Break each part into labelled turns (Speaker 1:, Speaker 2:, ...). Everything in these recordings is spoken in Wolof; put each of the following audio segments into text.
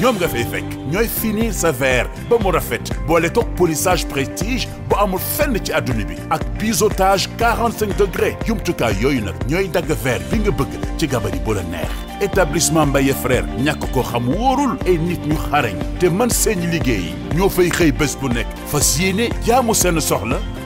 Speaker 1: ñoom nga fay fekk ñooy finir sa verre ba mu rafet boole ko polissage prestige bu amul fenn ci adduna bi ak biseautage 45 degré jumtukaay yooyu nag ñooy dagg verre bi nga bëgg ci gabari bu la neex. établissement Mbaye frère ñàkk ko xam wóorul ay nit ñu xarañ te man seen liggéey ñoo fay xëy bés bu nekk fas yéene jaamu seen soxla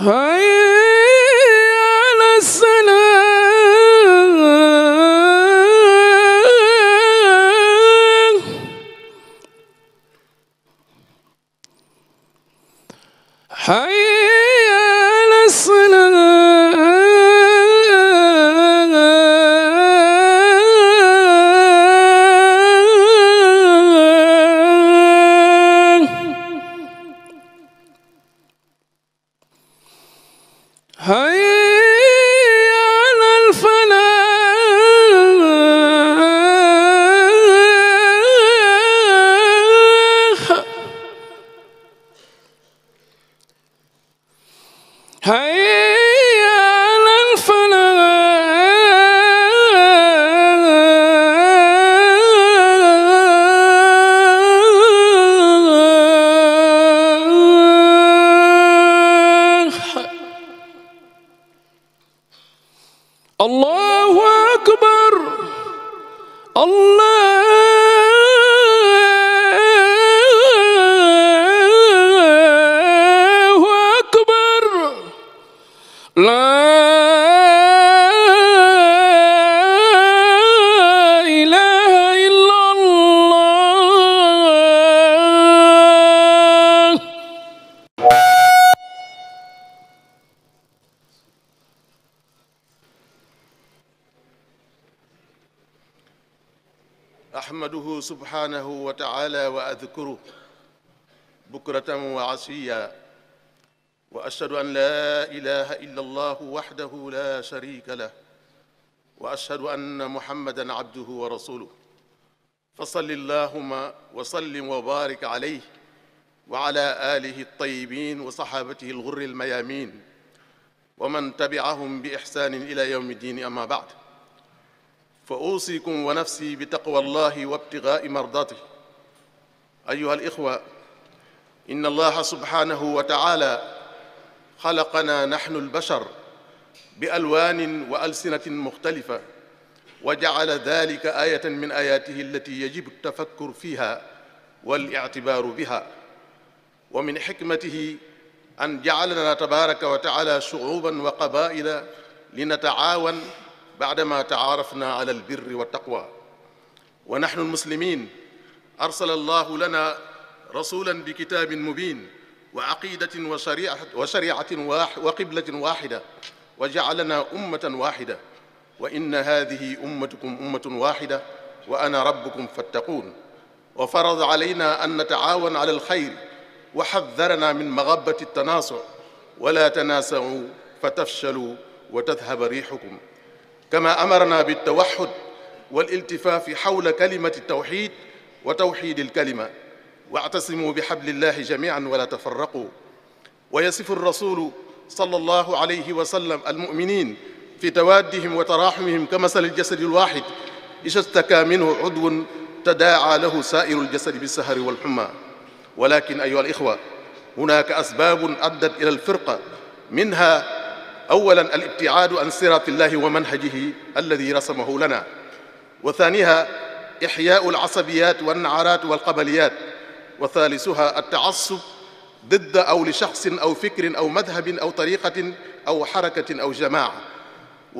Speaker 2: hayya ala salaam laa ilaaha illallaah
Speaker 3: ahmaduhu subhaanahu wa ta'aala wa adkuruhu bukratan wa asiyyan واشهد ان لا اله الا الله وحده لا شريك له واشهد ان محمدا عبده ورسوله فصل اللهم وسلم وبارك عليه وعلى اله الطيبين وصحابته الغر الميامين ومن تبعهم باحسان الى يوم الدين اما بعد فاوصيكم ونفسي بتقوى الله وابتغاء مرضاته ايها الاخوه ان الله سبحانه وتعالى xalaqanaa naxnu albashar bi alwaanin wa alsinatin muxtalifa wa jacala dalika aayatan min aayaatihi allati yajibu altafakkur fiha walictibaaru biha wa min xikmatihi an jacalanaa tabaaraka wa tacaala shucuuban wa qabaa'ila linatacaawan bacdama tacaarafnaa ala albirri wattaqwa wa naxnu almuslimiin arsala allahu lana rasulan bi kitaabin mubiin wa aqidatin wa sharia wa shariatin wa qiblatin waxida wa jacalana ummatan waxida wa inna hadihi ummatukum ummatun waxida wa ana rabbukum fattaquun wa farada alayna an natacaawan ala alxayr wa xadarana min magabati tanaasoc wala tanaasau fa tafshalu wa tadhaba riixukum kama amarna biltawaxud waliltifaafi xawla kalimati altawxid wa tawxid alkalima واعتصموا بحبل الله جميعا ولا تفرقوا ويصف الرسول صلى الله عليه وسلم المؤمنين في توادهم وتراحمهم كمثل الجسد الواحد إذا اشتكى منه عضو تداعى له سائر الجسد بالسهر والحمى ولكن أيها الإخوة هناك أسباب أدت إلى الفرقة منها أولا الابتعاد عن صراط الله ومنهجه الذي رسمه لنا وثانيها إحياء العصبيات والنعرات والقبليات wa thaalithuha altaasub didda aw li shaxsin aw fikrin aw madhabin aw tariqatin aw xarakatin aw jamaa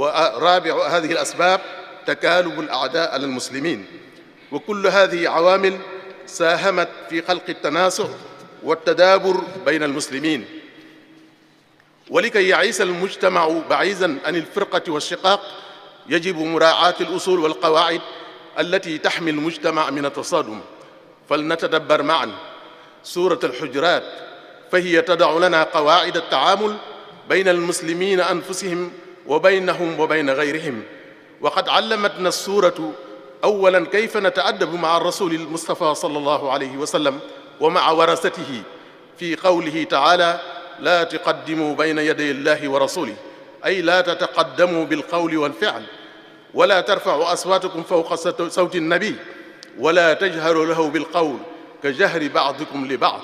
Speaker 3: wa raabiu hadihi alasbaab takaalubu alaadaa ala almuslimin wa kullu hadihi awaamil saahamat fi xalqi altanaasuc waltadaabur bayn almuslimin wa likay yaciisa almujtamacu baciidan an alfirqati walshiqaaq yajibu muraacaat alusul walqawaacid allati taxmi almujtamac min altasadum فلنتدبر معا سورة الحجرات فهي تضع لنا قواعد التعامل بين المسلمين أنفسهم وبينهم وبين غيرهم وقد علمتنا السورة أولا كيف نتأدب مع الرسول المصطفى صلى الله عليه وسلم ومع ورثته في قوله تعالى لا تقدموا بين يدي الله ورسوله أي لا تتقدموا بالقول والفعل ولا ترفعوا أصواتكم فوق صوت النبي ولا تجهروا له بالقول كجهر بعضكم لبعض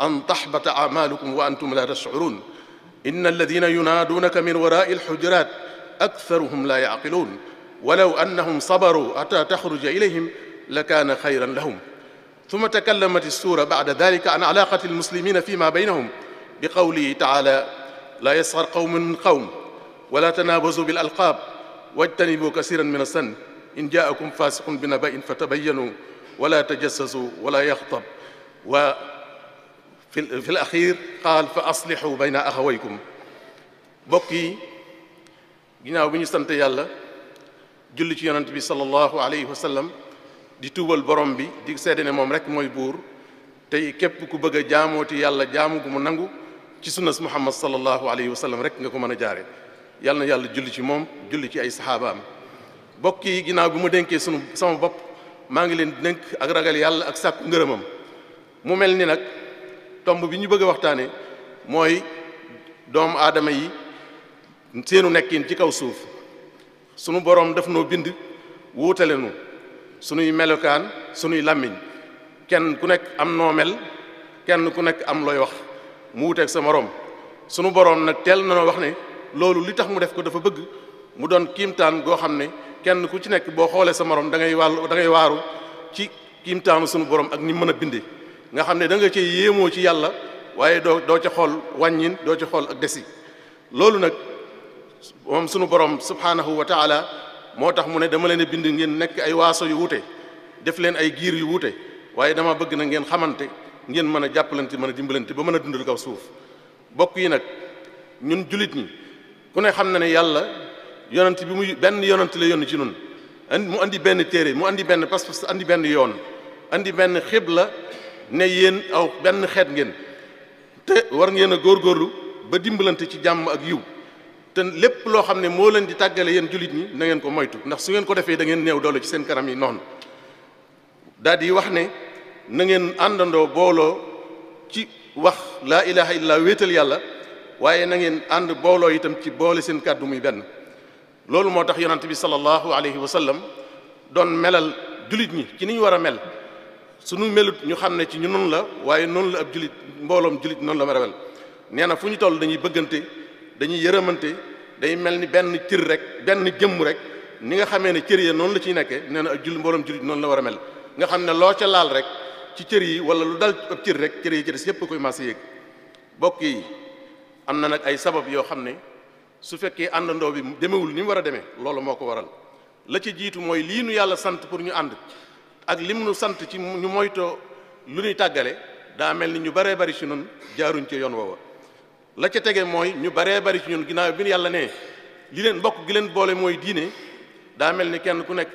Speaker 3: أن تحبط أعمالكم وأنتم لا تشعرون إن الذين ينادونك من وراء الحجرات أكثرهم لا يعقلون ولو أنهم صبروا حتى تخرج إليهم لكان خيرا لهم ثم تكلمت السورة بعد ذلك عن علاقة المسلمين فيما بينهم بقوله تعالى لا يسخر قوم من قوم ولا تنابزوا بالألقاب واجتنبوا كثيرا من السن in jaakum faasiqun bi naba'in fatabayyanu wala tajassasu wala yaxtab wa fi fi alaxiir qaal fa aslixu bayna axawaykum mbokk yi ginnaaw bi ñu sant yàlla julli ci yonent bi sallallahu alayhi wa sallam di tuubal borom bi di seede ne moom rek mooy buur tey képp ku bëgg a jaamooti yàlla jaamu gu mu nangu ci sunnas muhammad sallallahu alayhi wa sallam rek nga ko mën a jaare yàlla na yàlla julli ci moom julli ci ay saxaabaam bokk yi ginnaaw bi ma dénkee sunu sama bopp maa ngi leen dénk ak ragal yàlla ak sàkku ngërëmam mu mel ni nag tomb bi ñu bëgg a waxtaane mooy doomu aadama yi seenu nekkin ci kaw suuf sunu boroom daf noo bind wuutale nu sunuy melokaan sunuy làmmiñ kenn ku nekk am noo mel kenn ku nekk am looy wax mu wuuteeg sa moroom sunu boroom nag teel na noo wax ne loolu li tax mu def ko dafa bëgg mu doon kiimtaan goo xam ne kenn ku ci nekk boo xoolee sa morom da ngay wàll da ngay waaru ci kiimtaanu sunu borom ak ni mën a bindee nga xam ne da nga cee yéemoo ci yàlla waaye doo doo ca xool wàññin doo ca xool ak desi loolu nag moom sunu borom subhaanahu wa taala moo tax mu ne dama leen a bind ngeen nekk ay waaso yu wute def leen ay giir yu wute waaye dama bëgg na ngeen xamante ngeen mën a jàppalante mën a dimbalante ba mën a dundal kaw suuf bokk yi nag ñun julit ñi ku ne xam ne yonent bi muy benn yonent la yónni ci noonu mu indi benn téere mu andi benn pas-pas andi benn yoon indi benn la ne yéen aw benn xeet ngeen te war ngeen a góorlu ba dimbalante ci jàmm ak yiw te lépp loo xam ne moo leen di tàggale yéen jullit ñi na ngeen ko moytu ndax su ngeen ko defee dangeen ngeen néew doole ci seen kanam yi noonu daal di wax ne na ngeen àndandoo booloo ci wax laa ilaha illallah wéetal yàlla waaye na ngeen ànd booloo itam ci boole seen kàddu muy benn loolu moo tax yonent bi sallallahu alayhi wa sallam doon melal jullit ñi ci ni ñu war a mel suñu melut ñu xam ne ci ñu noonu la waaye noonu la ab julit mbooloom julit noonu la ma rawel nee na fu ñu toll dañuy bëggante dañuy yërëmante day mel ni benn cër rek benn jëmm rek ni nga xamee ne cër ya noonu la ciy nekkee nee na ab mbooloom jullit noonu la war a mel nga xam ne loo ca laal rek ci cër yi wala lu dal ab cër rek cër yi cër si yëpp koy maase yëg bokk yi am na nag ay sabab yoo xam ne su fekkee àndandoo bi demewul ni mu war a demee loolu moo ko waral la ci jiitu mooy lii nu yàlla sant pour ñu ànd ak lim nu sant ci ñu moytoo lu ñuy tàggale daa mel ni ñu baree bari ci noonu jaaruñ ci yoon woowa la ca tege mooy ñu baree bari ci ñun ginnaaw bi yàlla nee li leen bokk gi leen boole mooy diine daa mel ni kenn ku nekk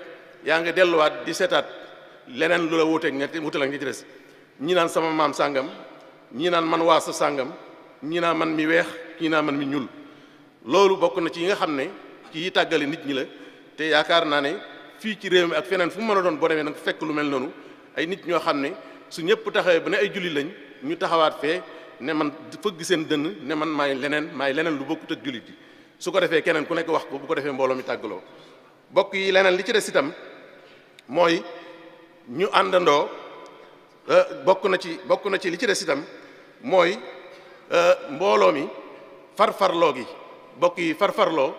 Speaker 3: yaa ngi delluwaat di seetaat leneen lu la wuuteeg ñetti wuute la nga ci des ñi naan sama maam sàngam ñii naan man waasa sàngam ñii naan man mi weex ñii naan man mi ñuul. loolu bokk na ci yi nga xam ne ci yi tàggale nit ñi la te yaakaar naa ne fii ci réew mi ak feneen fu mu man a doon boo demee nag fekk lu mel noonu ay nit ñoo xam ne su ñëpp taxawee ba ne ay julli lañ ñu taxawaat fee ne man fëgg seen dënn ne man may leneen may leneen lu bokkut ak jullit yi su ko defee keneen ku nekk wax ko bu ko defee mbooloo mi tàggaloo yi leneen li ci des itam mooy ñu àndandoo euh, bokk na ci bokk na ci li ci des itam mooy euh, mbooloo mi farfarloo gi bokk yi farfarloo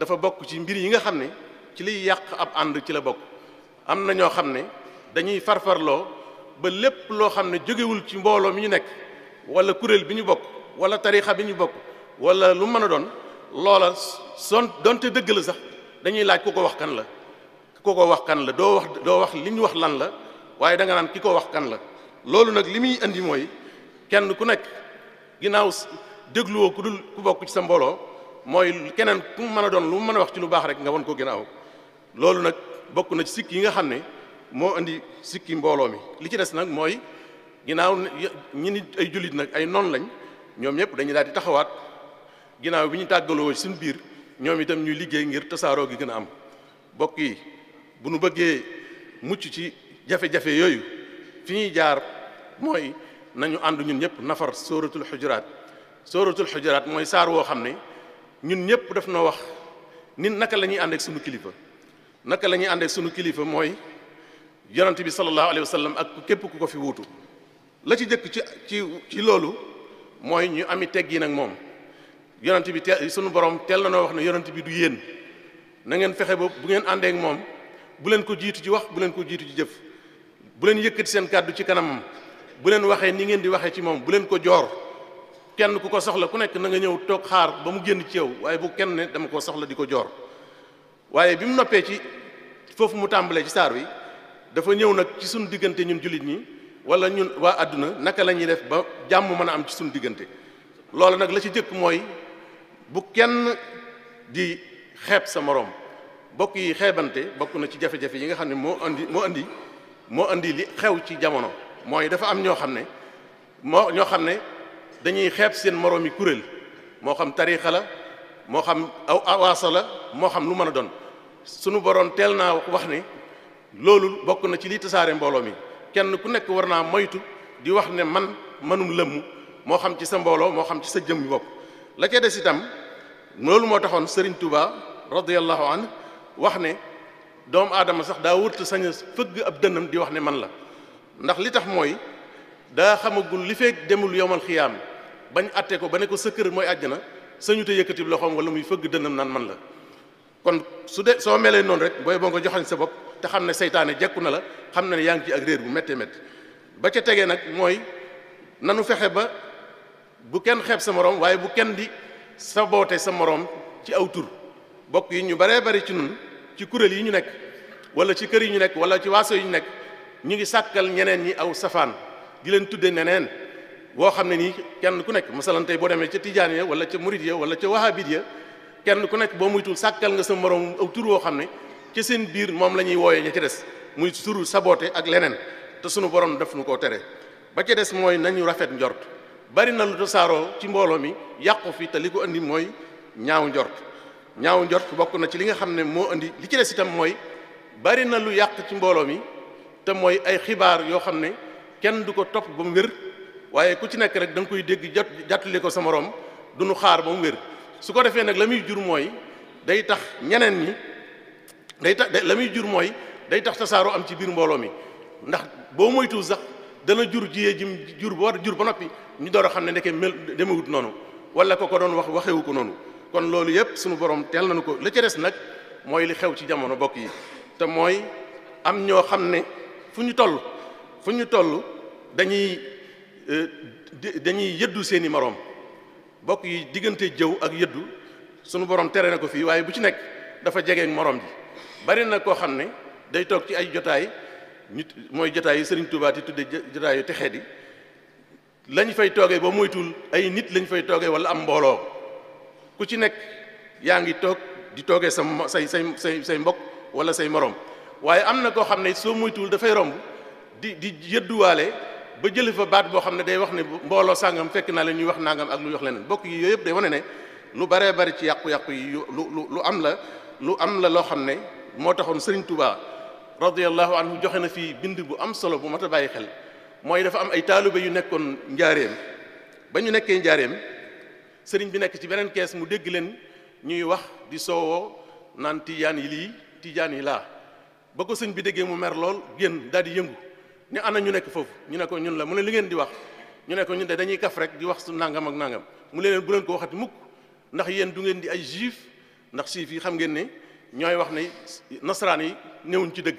Speaker 3: dafa bokk ci mbir yi nga xam ne ci liy yàq ab ànd ci la bokk am na ñoo xam ne dañuy farfarloo ba lépp loo xam ne jógewul ci mbooloo mi ñu nekk wala kuréel bi ñu bokk wala tarixa bi ñu bokk wala lu mën a doon loola son donte dëgg la sax dañuy laaj ku ko wax kan la ku ko wax kan la doo wax doo wax li ñu wax lan la waaye da nga naan ki ko wax kan la loolu nag li muy indi mooy kenn ku nekk ginnaaw dégluwoo ku dul ku bokk ci sa mbooloo mooy keneen ku mën a doon lu mën a wax ci lu baax rek nga won ko ginnaaw loolu nag bokk na ci sikk yi nga xam ne moo indi sikki mbooloo mi li ci des nag mooy ginnaaw ñi nit ay jullit nag ay noon lañ ñoom ñëpp dañuy daal taxawaat ginnaaw bi ñu tàggaloo suñu biir ñoom itam ñuy liggéey ngir tasaaroo gi gën a am bokk yi bu nu bëggee mucc ci jafe-jafe yooyu fi ñuy jaar mooy nañu ànd ñun ñëpp nafar sóoratul xujuraat sóoratul xujuraat mooy saar woo xam ne ñun ñëpp def noo wax nit naka lañuy àndeek ànd sunu kilifa naka la ñuy ànd sunu kilifa mooy yonent bi sallallahu alayhi wa sallam ak képp ku ko fi wuutu la ci jëkk ci ci ci loolu mooy ñu ami teg yi nag moom yonent bi te sunu borom teel na noo wax ne yonent bi du yéen na ngeen fexe ba bu ngeen àndeek moom bu leen ko jiitu ci wax bu leen ko jiitu ci jëf bu leen yëkkati seen kàddu ci kanamam bu leen waxee ni ngeen di waxee ci moom bu leen ko joor kenn ku ko soxla ku nekk na nga ñëw toog xaar ba mu génn ci yow waaye bu kenn ne dama koo soxla di ko joor waaye bi mu noppee ci foofu mu tàmbalee ci saar wi dafa ñëw nag ci suñu diggante ñun jullit ñi wala ñun waa àdduna naka la ñuy def ba jàmm mën a am ci suñu diggante loolu nag la ci jëkk mooy bu kenn di xeeb sa moroom bokk yi xeebante bokk na ci jafe-jafe yi nga xam ne moo andi moo andi moo indi li xew ci jamono mooy dafa am ñoo xam ne moo ñoo xam ne dañuy xeeb seen moroomi kuréel moo xam tariixa la moo xam aw awaasa la moo xam lu mën a doon sunu boroom teel naa wax ni loolu bokk na ci li tasaare mbooloo mi kenn ku nekk war naa moytu di wax ne man mënum lëmm moo xam ci sa mbooloo moo xam ci sa jëm bopp la ca des itam loolu moo taxoon Serigne tubaa radiyallahu anhu wax ne doomu aadama sax daa wërta sañ a fëgg ab dënnam di wax ne man la ndax li tax mooy daa xamagul li fekk demul yomal xiyaam bañ àttee ko ba ne ko sa kër mooy àjjana na te yëkkati loxoom wala muy fëgg dënnam naan man la kon su dee soo melee noonu rek booy boo nga joxañ sa bopp te xam ne seytaane jekku na la xam na ne yaa ngi ci ak réer bu méttee métti ba ca tegee nag mooy nanu fexe ba bu kenn xeeb sa moroom waaye bu kenn di sa saboote sa moroom ci aw tur bokk yi ñu baree bari ci nun ci kuréel yi ñu nekk wala ci kër yi ñu nekk wala ci waaso yi ñu nekk ñu ngi sàkkal ñeneen ñi aw safaan di leen tudde neneen boo xam ne nii kenn ku nekk masalan tey boo demee ca tijaan ya wala ca murid ya wala ca wahabit ya kenn ku nekk boo muytul sàkkal nga sa morom aw woo xam ne ca seen biir moom la ñuy wooyee ña ci des muy turu saboote ak leneen te suñu borom def nu koo tere ba ca des mooy nañu rafet njort bari na lu tasaaroo ci mbooloo mi yàqu fii te li ko indi mooy ñaaw njort ñaaw njort bokk na ci li nga xam ne moo indi li ca des itam mooy bari na lu yàq ci mbooloo mi te mooy ay xibaar yoo xam ne kenn du ko topp ba mu waaye ku ci nekk rek da nga koy dégg jot jàttali ko sa morom du nu xaar ba mu wér su ko defee nag la muy jur mooy day tax ñeneen ñi day tax la muy jur mooy day tax tasaaroo am ci biir mbooloo mi ndax boo moytuwul sax dana jur jiyee jim jur ba war jur ba noppi ñu door a xam ne ndeke mel demewut noonu wala ko ko doon wax waxewu ko noonu kon loolu yëpp sunu borom teel nañu ko la ca des nag mooy li xew ci jamono bokk yi te mooy am ñoo xam ne fu ñu toll toll dañuy yëddu seeni moroom bokk yi diggante jëw ak yëddu sunu borom tere na ko fii waaye bu ci nekk dafa jege ak moroom ji bari na koo xam ne day toog ci ay jotaay nit mooy jotaay yi Serigne Touba ti tudde jotaay yu texee di lañ fay toogee ba moytul ay nit lañ fay toogee wala am mbooloo ku ci nekk yaa ngi toog di toogee sa say say say mbokk wala say moroom waaye am na koo xam ne soo moytuwul dafay romb di di yëdduwaale ba jëlee fa baat boo xam ne day wax ne mbooloo sàngam fekk naa leen ñuy wax nangam ak lu wax leneen bokk yi yooyu yëpp day wane ne lu baree bari ci yàqu-yàqu yi lu lu lu am la lu am la loo xam ne moo taxoon sëriñ Touba radiyallahu anhu joxe na fii bind bu am solo bu mat bàyyi xel mooy dafa am ay taalibe yu nekkoon njaareem ba ñu nekkee njaareem sëriñ bi nekk ci beneen kees mu dégg leen ñuy wax di soowoo naan tijaan yi lii tijaan yi laa ba ko sëñ bi déggee mu mer lool génn daal di yëngu. ni ana ñu nekk foofu ñu nekkoon ñun la mu ne li ngeen di wax ñu ne ko ñun de dañuy rek di wax su nangam ak nangam mu ne leen bu leen ko waxati mukk ndax yéen du ngeen di ay juif ndax juif yi xam ngeen ni ñooy wax ne nasaraan yi newuñ ci dëgg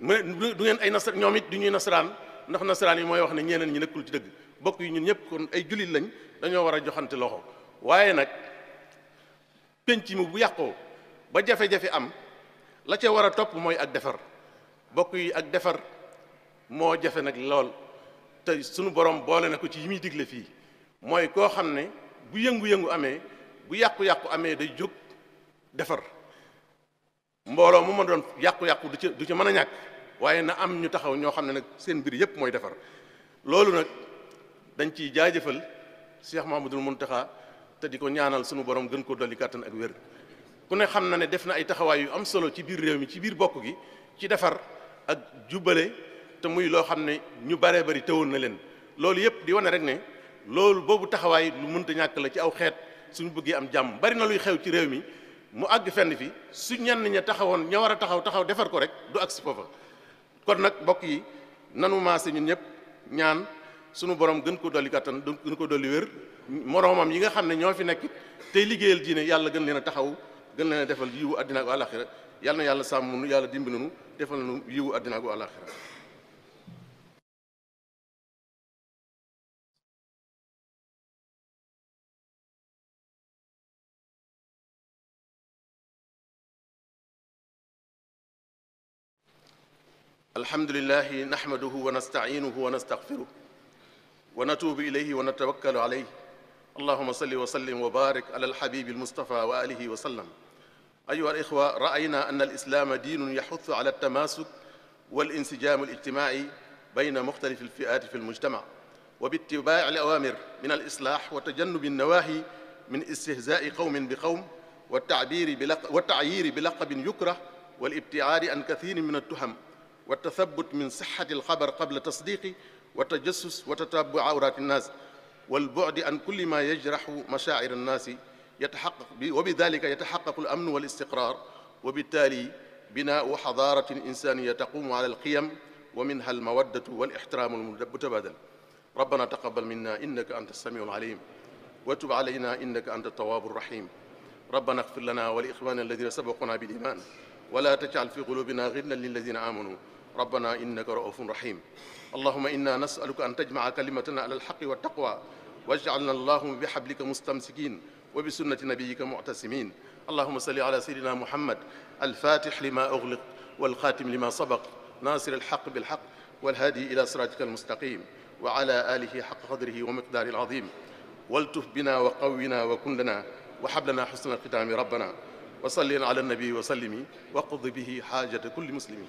Speaker 3: mu ne du ngeen ay nasaraan ñoom it du ñuy nasaraan ndax nasaraan yi mooy wax ne ñeneen ñi nekkul ci dëgg bokk yi ñun ñëpp kon ay jullit lañ dañoo war a joxante loxo waaye nag penc mi bu yàqoo ba jafe-jafe am la ca war a topp mooy ak defar bokk yi ak defar moo jafe nag lool tey sunu borom boole na ko ci yi muy digle fii mooy koo xam ne bu yëngu-yëngu amee bu yàqu-yàqu amee day jóg defar mbooloo mu ma doon yàqu-yàqu du ci du ci mën a ñàkk waaye na am ñu taxaw ñoo xam ne nag seen mbir yépp mooy defar loolu nag dañ ciy jaajëfal Cheikh Mouhamadoul Mountakha te di ko ñaanal sunu borom gën ko dolli kàttan ak wér ku ne xam na ne def na ay taxawaay yu am solo ci biir réew mi ci biir bokk gi ci defar ak jubale te muy loo xam ne ñu baree bari teewoon na leen loolu yëpp di wone rek ne loolu boobu taxawaay lu mënta ñàkk la ci aw xeet suñu bëggee am jàmm bari na luy xew ci réew mi mu àgg fenn fi su ñenn ña taxawoon ña war a taxaw taxaw defar ko rek du agsi foofa kon nag mbokk yi nanu maase ñun ñëpp ñaan sunu borom gën ko dolli kattan gën ko dolli wér moroomam yi nga xam ne ñoo fi nekk tey liggéeyal diine yàlla gën leen a taxaw gën leen a defal àddina ak àlaxira yàlla na yàlla sàmm nu yàlla dimbi nanu defal yiwu àddina ak àlaxira الحمد لله نحمده ونستعينه ونستغفره ونتوب إليه ونتوكل عليه اللهم صل وسلم وبارك على الحبيب المصطفى وآله وسلم أيها الإخوة رأينا أن الإسلام دين يحث على التماسك والانسجام الاجتماعي بين مختلف الفئات في المجتمع وباتباع الأوامر من الإصلاح وتجنب النواهي من استهزاء قوم بقوم والتعبير بلق والتعيير بلقب يكره والابتعاد عن كثير من التهم wa tathabut min sixati alxabar qabla tasdiqi wa tajassus wa tataabu awraati nnaas wal bu'di an kulli ma yajraxu mashaa'ir annaasi yataxaqaq bi wa bidalika yataxaqaqu al amnu wal istiqraar wa bittaali binaau xadaaratin insaaniya taquumu ala alqiyam wa minha almawaddatu wal ixtiraamu almutabaadal rabbana taqabbal minna innaka anta samiu alalim wa tub alayna innaka anta tawaabu rahim rabbana ighfir lana wa li ixwanina alladina sabaquna bil iman wa la tajal fi qulubina ghillan lilladina amanu rabbana innaka raufun rahim allahuma inna nasaluka an tajmaa kalimatana ala alxaqi wa taqwa wajcalna allahuma bi xablika mustamsikin wa bi sunnati nabiyika muctasimin allahuma salli ala sayidina muhammad alfatix lima ugliq walxatim lima sabaq nasir alxaq bilxaq walhaadi ila siratika almustaqim wa ala alihi xaq qadrihi wa miqdaari alazim waltuf bina wa qawwina wa kun lana wa xablana xusna alxitaami rabbana wa sallin ala annabi wa sallimi waqdi bihi xaajata kulli muslimi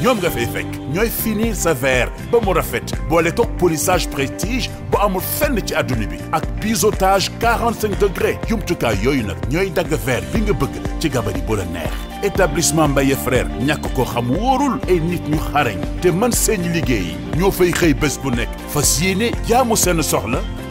Speaker 1: ñoom nga fay ñooy finir sa verre ba mu rafet boole ko polissage prestige bu amul fenn ci adduna bi ak biseautage 45 degré jumtukaay yooyu nag ñooy dagg verre bi nga bëgg ci gabari bu la neex établissement Mbaye frère ñàkk ko xam wóorul ay nit ñu xarañ te mën seen liggéey ñoo fay xëy bés bu nekk fas yéene jaamu seen soxla